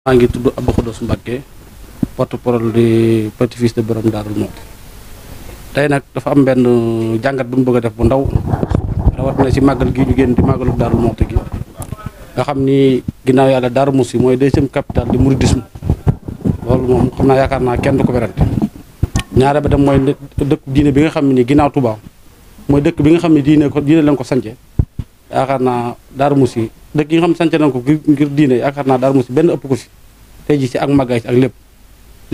maa ngi tudd Abdou su Mbacké porte-parole du petit-fils de borom Darou Mouhty tey nag dafa am benn jàngat bu mu bëgg a def bu ndaw rawat na ci màggal gi ñu génn di màggalu Darou Mouhty gi nga xam ni ginnaaw yàlla Darou Mouhty mooy deuxième capitale du mouridisme loolu moom xam naa yaakaar naa kenn du ko werante ñaare ba dem mooy dëkk diine bi nga xam ne ni ginnaaw Touba mooy dëkk bi nga xam ne diine ko diine lañ ko sance yaakaar naa daar Moussi dëkk yi nga xam sant nañ ko ngir diine yaakaar naa Darou Moussi benn ëpp ko fi tey ji si ak màggaay si ak lépp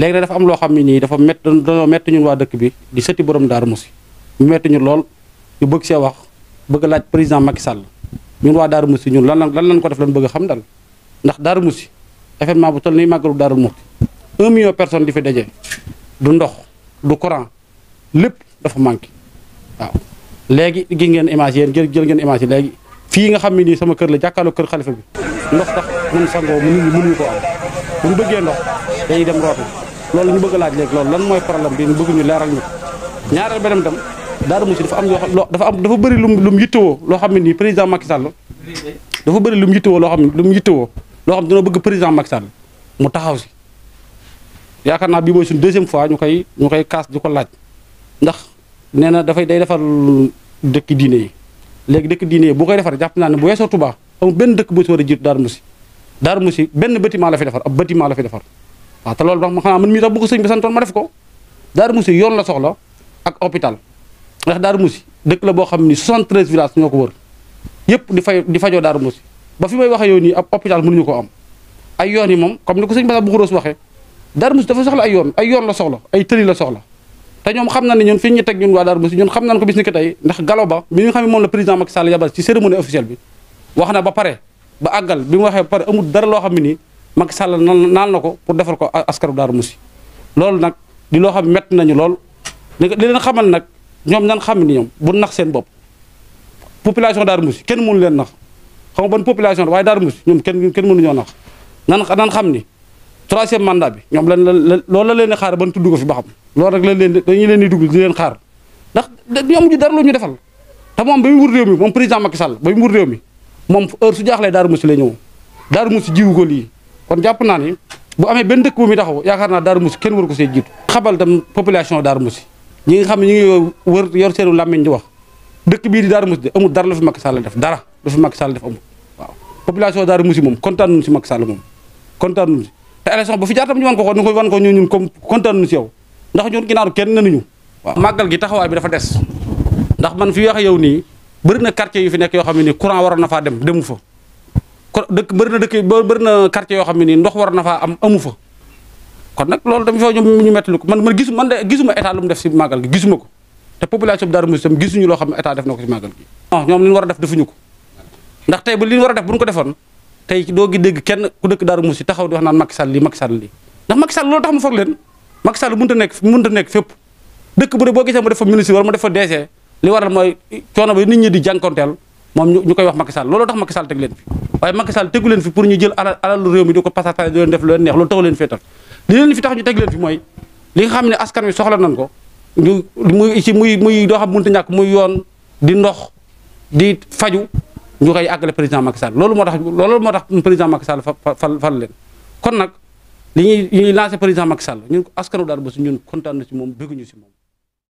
léegi nag dafa am loo xam ne nii dafa mett dañoo mett ñun waa dëkk bi di sëti borom daar mussi ñu mett ñu lool ñu bëgg see wax bëgg laaj président Macky Sall ñun waa Darou Moussi ñun lan lan lan ko def lan bëgg xam dal ndax Darou Moussi événement bu toll nii màggalu Darou Moussi un million personne di fi dajee du ndox du courant lépp dafa manqué waaw léegi gi ngeen image yéen jël ngeen image yi léegi fii nga xam ne nii sama kër la jàkkaarloo kër xalifa bi ndox tax mun sangoo mu nit ñi ko am bu ñu bëggee ndox dañuy dem rooti loolu ñu bëgg laaj léegi loolu lan mooy problème bi ñu bëgg leeral ñu ñaareel beneen tam Darou Mousty dafa am loo dafa am dafa bëri lum lum yittewoo loo xam ne nii président Macky Sall dafa bëri lu yittewoo loo xam ne lum yittewoo loo xam ne dañoo bëgg président Macky mu taxaw si yaakaar naa bii mooy suñu deuxième fois ñu koy ñu koy kaas di ko laaj ndax nee na dafay day defar dëkk diine yi léegi dëkk diine bu koy defar jàpp naa ne bu weesoo Touba amul benn dëkk bu si a jiitu Darou Moussi Darou Moussi benn bâtiment la fi defar ab bâtiment la defar waaw te loolu tax ma xanaa man mii tax bu ko sëñ bi santoon ma def ko Darou Moussi yoon la soxla ak hôpital ndax daar Moussi dëkk la boo xam ni 73 villages ñoo ko wër yëpp di fay di fajoo Darou Moussi ba fi may waxee yow nii ab hôpital mënuñu ko am ay yoon yi moom comme ni ko sëñ Basa bu Xuroos waxee Darou Moussi dafa soxla ay yoon ay yoon la soxla ay tëli la soxla te ñoom xam na ne ñun fi ñu teg ñun waa Darou Mousty ñun xam nañ ko bis ni ko wax na ba pare ba àggal bi mu waxee ba amul dara loo xam ne nii Macky Sall naan na ko pour defal ko askaru Darou Mousty loolu nag di loo xam métti nañu lool li leen xamal nag ñoom nan xam ni ñoom bu nax seen bopp population Darou Mousty kenn mënu leen nax xam nga ban population waaye Darou Mousty ñoom kenn kenn mënuñoo nax nan nan xam ni troisième mandat bi ñoom lan la loolu la leen di xaar ban tudd ko fi ba xam loolu rek lañ leen leen di dugg di leen xaar ndax ñoom ñu dara lu ñu defal te moom ba mu wut réew moom président Macky Sall ba mu wut réew mi moom heure su jaaxlee lay ñëw Darou Moussi jiwu ko lii kon jàpp naa ni bu amee benn dëkk bu muy taxaw yaakaar naa Darou Moussi kenn war ko see jiitu xabal tam population Darou nga xam ne ñu ngi wër yor seenu làmmiñ di wax dëkk bii di Darou Moussi de amul la fi Macky Sall def dara la fi Macky Sall def amul waaw population Darou Moussi moom kontaan nañu si Macky moom kontaan nañu si te élection bu fi jaar tam ñu wan ko ko ñu ko wan ko ñun ñun comme kontaan nu si yow ndax ñun ginnaaw kenn nañu waaw màggal gi taxawaay bi dafa des ndax man fi wax yow nii bëri na quartier yu fi nekk yoo xam ne nii courant waroon na faa dem demu fa dëkk bëri na dëkk bëri na quartier yoo xam ne nii ndox war na faa am amu fa kon nag loolu tamit foo ñu mettlu ko man man gisu man de gisuma état lu mu def si màggal gi gisuma ko te population bi Darou Mouhty tam gisuñu loo xam ne état def na ko si màggal gi non ñoom li ñu war a def defuñu ko ndax tey ba li ñu war a def bu ñu ko defoon tey doo gi dégg kenn ku dëkk Darou Moussi taxaw di wax naan Macky Sall lii Macky Sall lii ndax Macky loolu tax mu for leen Macky Sall a nekk nekk fépp dëkk bu dee boo gisee mu def fa ministre wala mu def fa DG li waral mooy coono ba nit ñi di jànkonteel moom ñu koy wax Macky Sall looloo tax Macky Sall teg leen fi waaye Macky Sall tegu leen fi pour ñu jël alal alalu réew mi di ko passata di leen def lu leen neex loolu taxu fee tax li leen fi tax ñu teg leen ko muy ci muy muy doo xam mënut a ñàkk muy yoon di ndox di faju ñu koy àggale président Macky Sall loolu moo tax loolu moo tax président Macky Sall fal fal leen kon nag li ñuy lancé président Macky Sall ñun askanu daal ba su ñun kontaan na moom bëgguñu si moom